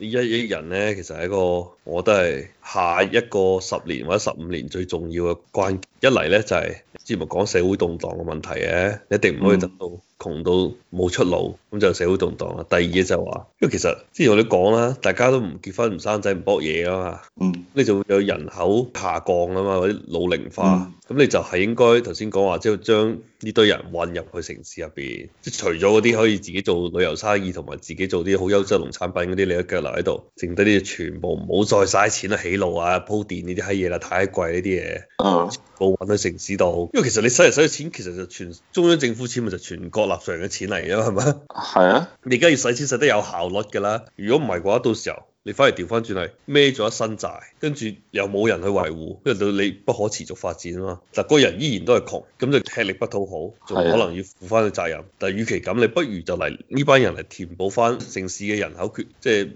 呢一億人咧，其實係一個，我覺得係下一個十年或者十五年最重要嘅關鍵。一嚟咧就係、是、之前咪講社會動盪嘅問題嘅，一定唔可以等到窮到冇出路，咁就社會動盪啦。第二咧就話、是，因為其實之前我哋講啦，大家都唔結婚、唔生仔、唔搏嘢啊嘛，嗯，你就會有人口下降啊嘛，或者老齡化，咁、嗯、你就係應該頭先講話，即係將呢堆人運入去城市入邊，即、就、係、是、除咗嗰啲可以自己做旅遊生意同埋自己做啲好優質農產品嗰啲，你都夾。喺度剩低啲嘢，全部唔好再嘥錢啦，起路啊鋪電呢啲閪嘢啦，太貴呢啲嘢，嗯，全部揾到城市度。因為其實你使嚟使嘅錢，其實就全中央政府錢，咪就全國納稅人嘅錢嚟嘅，嘛，係咪？係啊，你而家要使錢使得有效率㗎啦，如果唔係嘅話，到時候。你反嚟調翻轉係孭咗一身債，跟住又冇人去維護，跟住到你不可持續發展嘛。嗱，嗰人依然都係窮，咁就吃力不討好，仲可能要負翻個責任。啊、但係與其咁，你不如就嚟呢班人嚟填補翻城市嘅人口缺，即係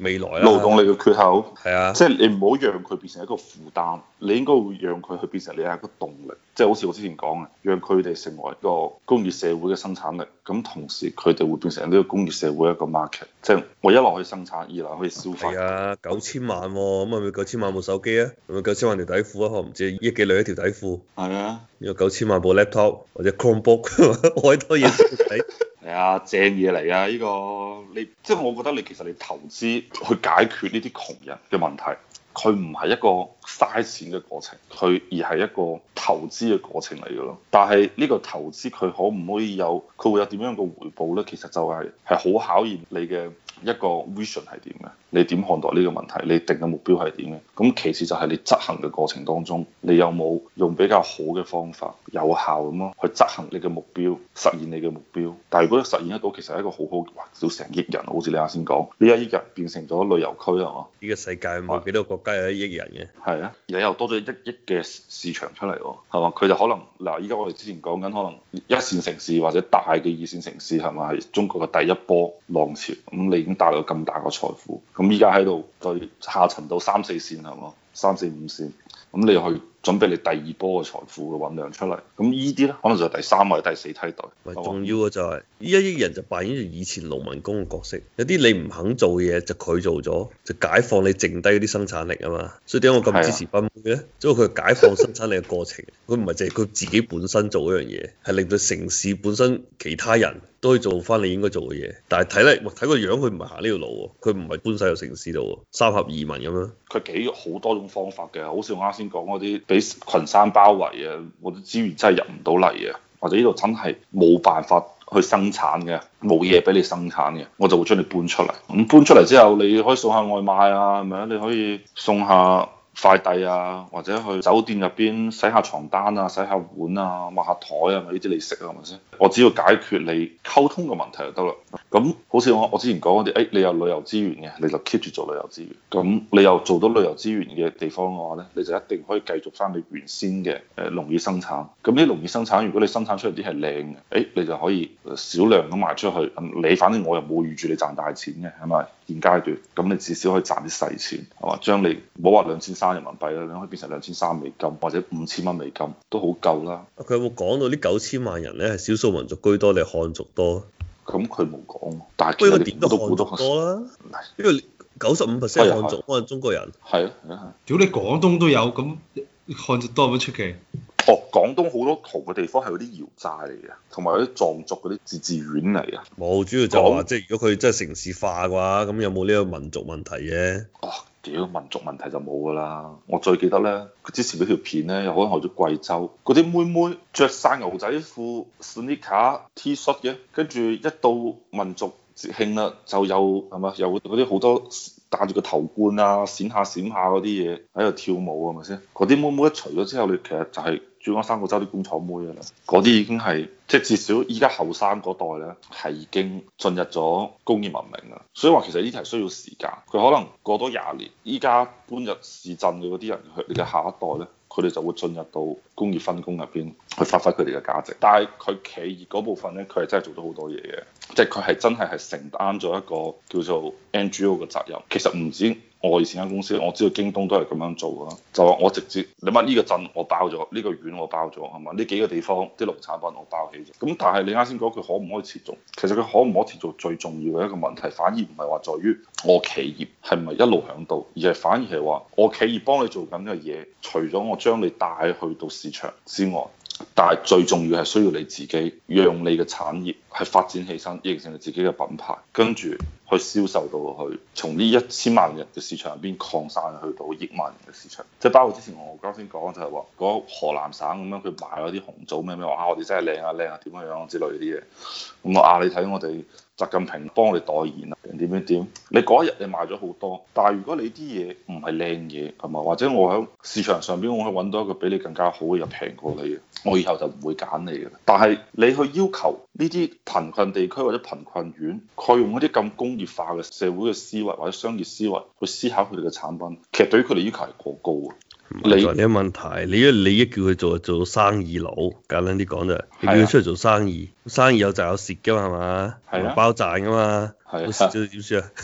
未來啊勞動力嘅缺口。係啊，即係你唔好讓佢變成一個負擔，你應該會讓佢去變成你係一個動力。即係好似我之前講嘅，讓佢哋成為一個工業社會嘅生產力，咁同時佢哋會變成呢個工業社會一個 market，即係我一落去生產，二落去消費。係啊，九千萬咁、哦、啊，咪九千萬部手機是是部啊，咪九千萬條底褲啊，我唔知一幾兩一條底褲。係啊，呢個九千萬部 laptop 或者 chromebook 開 多嘢睇。係啊，正嘢嚟啊！呢、這個你即係我覺得你其實你投資去解決呢啲窮人嘅問題，佢唔係一個嘥錢嘅過程，佢而係一個投資嘅過程嚟嘅咯，但係呢個投資佢可唔可以有？佢會有點樣嘅回報咧？其實就係係好考驗你嘅。一個 vision 係點嘅？你點看待呢個問題？你定嘅目標係點嘅？咁其次就係你執行嘅過程當中，你有冇用比較好嘅方法，有效咁樣去執行你嘅目標，實現你嘅目標。但係如果你實現得到，其實係一個好好，哇！到成億人，好似你啱先講，呢一億人變成咗旅遊區，係嘛？呢個世界啊，幾多個國家有一億人嘅？係啊，而又多咗一億嘅市場出嚟喎，係嘛？佢就可能嗱，依家我哋之前講緊，可能一線城市或者大嘅二線城市係咪？係中國嘅第一波浪潮咁，你。帶嚟咁大個財富，咁依家喺度再下沉到三四線，係嘛，三四五線，咁你去。準備你第二波嘅財富嘅揾量出嚟，咁呢啲咧可能就係第三位、第四梯隊。唔重要嘅就係、是、呢一億人就扮演住以前農民工嘅角色，有啲你唔肯做嘅嘢就佢做咗，就解放你剩低嗰啲生產力啊嘛。所以點解我咁支持奔妹咧？是啊、因為佢解放生產力嘅過程，佢唔係淨係佢自己本身做嗰樣嘢，係令到城市本身其他人都去做翻你應該做嘅嘢。但係睇嚟，睇個樣佢唔係行呢條路喎，佢唔係搬晒到城市度喎，三合移民咁樣。佢幾好多種方法嘅，好似我啱先講嗰啲。俾群山包圍啊！我啲資源真係入唔到嚟啊！或者呢度真係冇辦法去生產嘅，冇嘢俾你生產嘅，我就會將你搬出嚟。咁、嗯、搬出嚟之後，你可以送下外賣啊，係咪啊？你可以送下快遞啊，或者去酒店入邊洗下床單啊，洗下碗啊，抹下台啊，呢啲嚟食啊，係咪先？我只要解決你溝通嘅問題就得啦。咁好似我我之前講嗰啲，誒、哎、你有旅遊資源嘅，你就 keep 住做旅遊資源。咁你又做到旅遊資源嘅地方嘅話呢，你就一定可以繼續翻你原先嘅誒農業生產。咁呢啲農業生產，如果你生產出嚟啲係靚嘅，誒、哎、你就可以少量咁賣出去。你反正我又冇預住你賺大錢嘅，係咪？現階段，咁你至少可以賺啲細錢，係嘛？將你冇話兩千三人民幣啦，你可以變成兩千三美金或者五千蚊美金，都好夠啦。佢有冇講到呢九千萬人呢？係少數？民族居多，你漢族多，咁佢冇講。不過點都漢族多啦，是因為九十五 percent 漢族，我係中國人。係啊，是是如果你廣東都有咁漢族多，有乜出奇？哦，廣東好多窮嘅地方係嗰啲瑤寨嚟嘅，同埋嗰啲藏族嗰啲自治縣嚟嘅。冇、哦、主要就係話，講即係如果佢真係城市化嘅話，咁有冇呢個民族問題嘅？哦屌民族問題就冇噶啦，我最記得咧，佢之前嗰條片咧，有可能去咗貴州，嗰啲妹妹着晒牛仔褲、sneaker、T-shirt 嘅，跟住一到民族節慶啦，就有係嘛，有嗰啲好多戴住個頭冠啊、閃下閃下嗰啲嘢喺度跳舞係咪先？嗰啲妹妹一除咗之後，你其實就係、是。珠江三角洲啲工廠妹啊，嗰啲已經係即係至少依家後生嗰代咧，係已經進入咗工業文明啦。所以話其實呢啲係需要時間，佢可能過多廿年，依家搬入市鎮嘅嗰啲人佢哋嘅下一代咧，佢哋就會進入到工業分工入邊去發揮佢哋嘅價值。但係佢企業嗰部分咧，佢係真係做咗好多嘢嘅。即係佢係真係係承擔咗一個叫做 NGO 嘅責任。其實唔止我以前間公司，我知道京東都係咁樣做啦。就話我直接你乜呢個鎮我包咗，呢個縣我包咗，係嘛？呢幾個地方啲農產品我包起啫。咁但係你啱先講佢可唔可以持續？其實佢可唔可以持續最重要嘅一個問題，反而唔係話在於我企業係唔係一路響度，而係反而係話我企業幫你做緊嘅嘢，除咗我將你帶去到市場之外。但係最重要係需要你自己，讓你嘅產業去發展起身，形成你自己嘅品牌，跟住去銷售到佢，從呢一千萬人嘅市場入邊擴散去到億萬人嘅市場，即係包括之前我啱先講就係話，嗰河南省咁樣佢賣咗啲紅棗咩咩話啊，我哋真係靚啊靚啊點樣樣、啊、之類啲嘢，咁、啊、我啊你睇我哋習近平幫我哋代言啊點點點，你嗰一日你賣咗好多，但係如果你啲嘢唔係靚嘢係嘛，或者我喺市場上邊我可以揾到一個比你更加好嘅又平過你嘅，就就唔會揀你嘅，但係你去要求呢啲貧困地區或者貧困縣，佢用嗰啲咁工業化嘅社會嘅思維或者商業思維去思考佢哋嘅產品，其實對於佢哋要求係過高啊。唔係你啲問題，你一你一叫佢做做生意佬，簡單啲講就係，你叫佢出嚟做生意，啊、生意有就有蝕嘅嘛係嘛，包賺嘅嘛，蝕咗點算啊？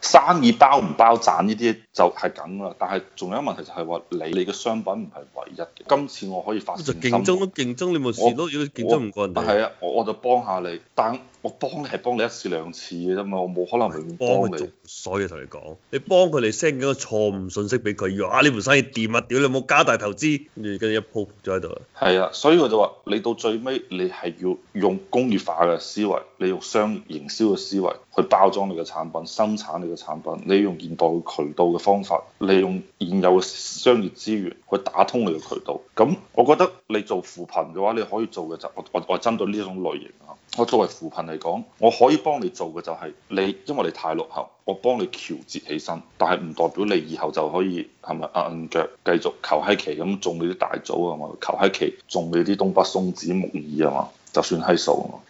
生意包唔包賺呢啲就係咁啦，但係仲有一個問題就係話，你你嘅商品唔係唯一嘅，今次我可以發競爭，競爭都競爭，你冇事都我如果競爭唔過人哋，係啊我，我我就幫下你，但。我幫你係幫你一次兩次嘅啫嘛，我冇可能永遠幫你。所以同你講，幫你幫佢哋 send 幾個錯誤信息俾佢，以為啊呢盤生意掂啊，屌你冇加大投資，跟住一鋪就喺度啦。係啊，所以我就話你到最尾，你係要用工業化嘅思維，你用商業營銷嘅思維去包裝你嘅產品，生產你嘅產品，你用現代嘅渠道嘅方法，利用現有嘅商業資源去打通你嘅渠道。咁我覺得你做扶貧嘅話，你可以做嘅就我我我針對呢種類型啊，我作為扶貧講我可以幫你做嘅就係你，因為你太落後，我幫你調節起身，但係唔代表你以後就可以係咪？按腳繼續求閪其咁種你啲大棗啊嘛，求閪其種你啲東北松子木耳啊嘛，就算閪數啊嘛。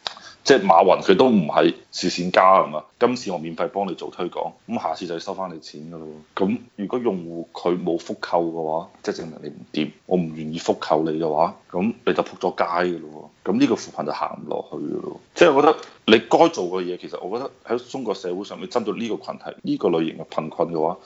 即係、就是、馬雲佢都唔係慈善家啊嘛？今次我免費幫你做推廣，咁下次就要收翻你錢噶咯。咁如果用戶佢冇復購嘅話，即係證明你唔掂，我唔願意復購你嘅話，咁你就仆咗街噶咯。咁呢個扶貧就行唔落去嘅咯，即係我覺得你該做嘅嘢，其實我覺得喺中國社會上面針對呢個群體，呢個類型嘅貧困嘅話，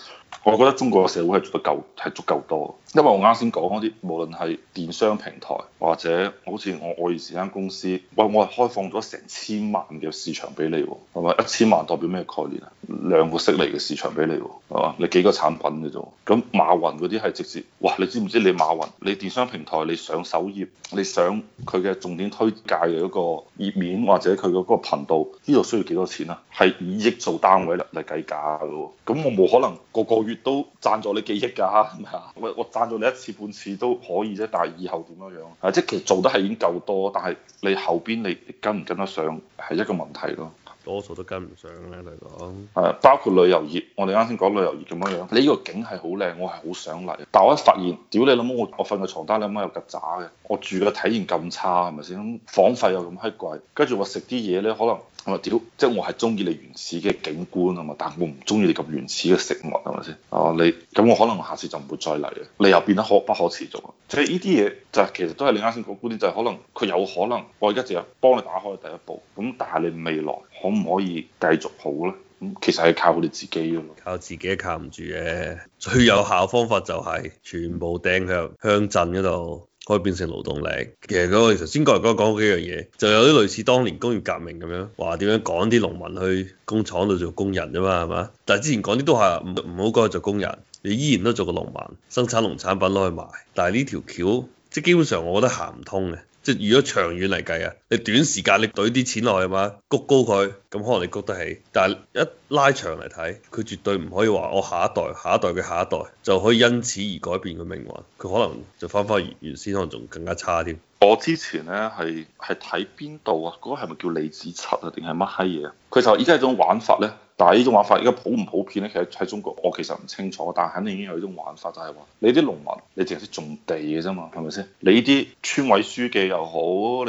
我覺得中國嘅社會係足夠係足夠多。因為我啱先講嗰啲，無論係電商平台或者好似我愛爾時間公司，我我係開放咗成千萬嘅市場俾你。係咪一千萬代表咩概念啊？兩個息嚟嘅市場俾你喎，係嘛？你幾個產品嘅啫，咁馬雲嗰啲係直接，哇！你知唔知你馬雲，你電商平台你上首頁，你上佢嘅重點推介嘅嗰個頁面或者佢嗰個頻道，呢度需要幾多錢啊？係以億做單位嚟計價嘅喎，咁我冇可能個個月都贊助你幾億㗎，係咪啊？我我贊助你一次半次都可以啫，但係以後點樣樣？係即係其實做得係已經夠多，但係你後邊你跟唔跟得上係一個問題咯。多數都跟唔上咧嚟講，係啊，包括旅遊業，我哋啱先講旅遊業咁樣樣，你呢個景係好靚，我係好想嚟，但係我一發現，屌你諗我，我瞓嘅床單你諗下有曱甴嘅，我住嘅體驗咁差係咪先？房費又咁閪貴，跟住我食啲嘢咧，可能是是、就是、我屌，即係我係中意你原始嘅景觀啊嘛，但我唔中意你咁原始嘅食物係咪先？哦、啊，你咁我可能下次就唔會再嚟嘅，你又變得可不可持續啊？即係呢啲嘢就係、是就是、其實都係你啱先講觀點，就係、是、可能佢有可能，我而家淨係幫你打開第一步，咁但係你未來。可唔可以繼續好咧？咁其實係靠我哋自己啊嘛，靠自己靠唔住嘅。最有效方法就係全部掟向鄉鎮嗰度，可以變成勞動力。其實嗰個頭先嗰日講講幾樣嘢，就有啲類似當年工業革命咁樣，話點樣趕啲農民去工廠度做工人啫嘛，係嘛？但係之前講啲都係唔唔好過去做工人，你依然都做個農民，生產農產品攞去賣。但係呢條橋即係基本上，我覺得行唔通嘅。即係如果長遠嚟計啊，你短時間你㨃啲錢落去嘛，谷高佢，咁可能你谷得起，但係一拉長嚟睇，佢絕對唔可以話我下一代、下一代嘅下一代就可以因此而改變佢命運，佢可能就翻返去原先，原可能仲更加差添。我之前咧係係睇邊度啊？嗰、嗰個係咪叫李子柒啊？定係乜閪嘢？佢就而家係種玩法咧。但係呢種玩法而家普唔普遍咧？其實喺中國，我其實唔清楚，但係肯定已經有呢種玩法就，就係話你啲農民，你凈係識種地嘅啫嘛，係咪先？你啲村委書記又好，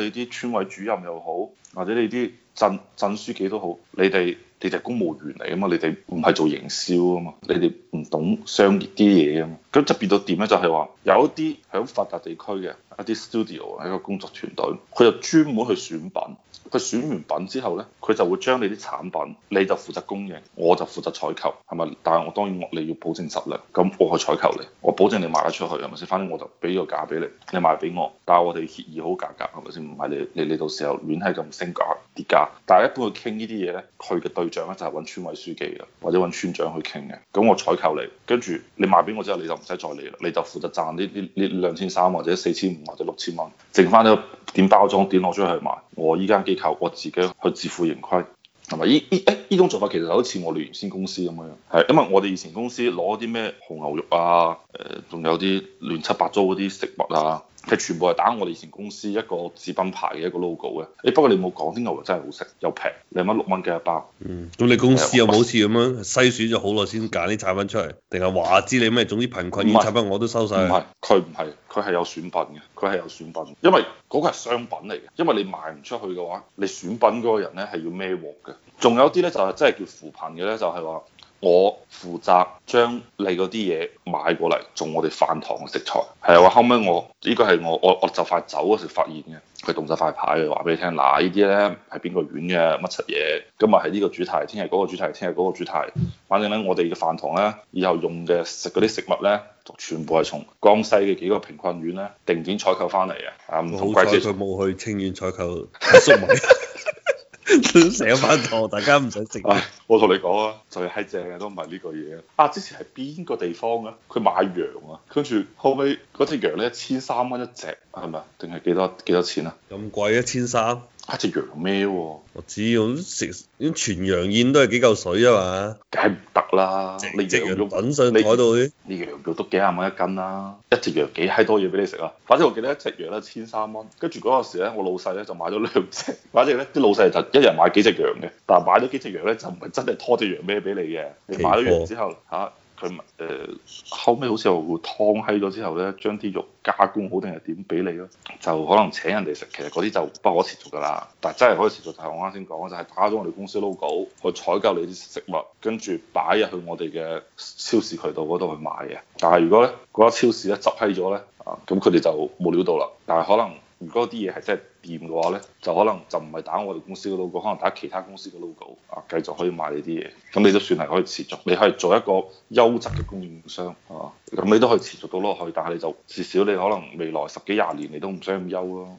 你啲村委主任又好，或者你啲鎮鎮書記都好，你哋你哋係公務員嚟啊嘛，你哋唔係做營銷啊嘛，你哋唔懂商業啲嘢啊嘛，咁就變到點咧？就係話有一啲喺發達地區嘅。一啲 studio，係一個工作團隊，佢就專門去選品。佢選完品之後呢，佢就會將你啲產品，你就負責供應，我就負責採購，係咪？但係我當然你要保證質量，咁我去採購你，我保證你賣得出去，係咪先？反正我就俾個價俾你，你賣俾我，但係我哋協議好價格，格，係咪先？唔係你你到時候亂係咁升價跌價。但係一般去傾呢啲嘢呢，佢嘅對象呢就係揾村委書記嘅，或者揾村長去傾嘅。咁我採購你，跟住你賣俾我之後，你就唔使再理啦，你就負責賺呢呢呢兩千三或者四千五。或者六千蚊，剩翻咗，點包裝，點攞出去賣？我依間機構，我自己去自負盈虧，係咪？依依誒依種做法其實就好似我哋原先公司咁樣，係，因為我哋以前公司攞啲咩紅牛肉啊，誒、呃，仲有啲亂七八糟嗰啲食物啊。係全部係打我哋以前公司一個自品牌嘅一個 logo 嘅。誒不過你冇講啲牛肉真係好食又平兩蚊六蚊嘅一包。嗯，咁你公司有冇好似咁樣篩選咗好耐先揀啲產品出嚟？定係話知你咩？總之貧困啲產品我都收晒，唔係佢唔係佢係有選品嘅，佢係有選品。因為嗰個係商品嚟嘅，因為你賣唔出去嘅話，你選品嗰個人咧係要孭鑊嘅。仲有啲咧就係真係叫扶貧嘅咧，就係話。我負責將你嗰啲嘢買過嚟做我哋飯堂嘅食材，係啊！話後尾我呢個係我我我就快走嗰時發現嘅，佢動曬塊牌嘅話俾你聽，嗱、啊、呢啲咧係邊個縣嘅乜柒嘢，今日係呢個主題，聽日嗰個主題，聽日嗰個主題，反正咧我哋嘅飯堂咧以後用嘅食嗰啲食物咧，全部係從江西嘅幾個貧困縣咧定點採購翻嚟嘅。啊唔同貴州，好彩佢冇去清遠採購。 成 班同學，大家唔想食。唉，我同你講啊，最閪正嘅都唔係呢個嘢。啊，之前係邊個地方啊？佢買羊啊，跟住後尾嗰隻羊咧，一千三蚊一隻，係咪？啊？定係幾多幾多錢啊？咁貴一千三。1, 一隻羊咩喎？我知，我食全羊宴都係幾嚿水啊嘛，梗係唔得啦！你只羊肉粉上你睇到，呢羊肉都幾廿蚊一斤啦，啊。一隻羊幾閪多嘢俾你食啊？反正我記得一隻羊咧千三蚊，跟住嗰陣時咧，我老細咧就買咗兩隻。反正咧啲老細就一人買幾隻羊嘅，但係買咗幾隻羊咧就唔係真係拖隻羊咩俾你嘅。你買咗羊之後嚇。啊。佢咪誒後尾好似又會湯閪咗之後咧，將啲肉加工好定係點俾你咧？就可能請人哋食，其實嗰啲就不可持續噶啦。但係真係可以持續就，就係、我啱先講，就係打咗我哋公司 logo，去採購你啲食物，跟住擺入去我哋嘅超市渠道嗰度去賣嘅。但係如果咧嗰間超市咧執閪咗咧，啊咁佢哋就冇料到啦。但係可能。如果啲嘢係真係掂嘅話呢，就可能就唔係打我哋公司嘅 logo，可能打其他公司嘅 logo 啊，繼續可以賣呢啲嘢，咁你都算係可以持續，你可以做一個優質嘅供應商啊，咁你都可以持續到落去，但係你就至少你可能未來十幾廿年你都唔需要咁憂咯。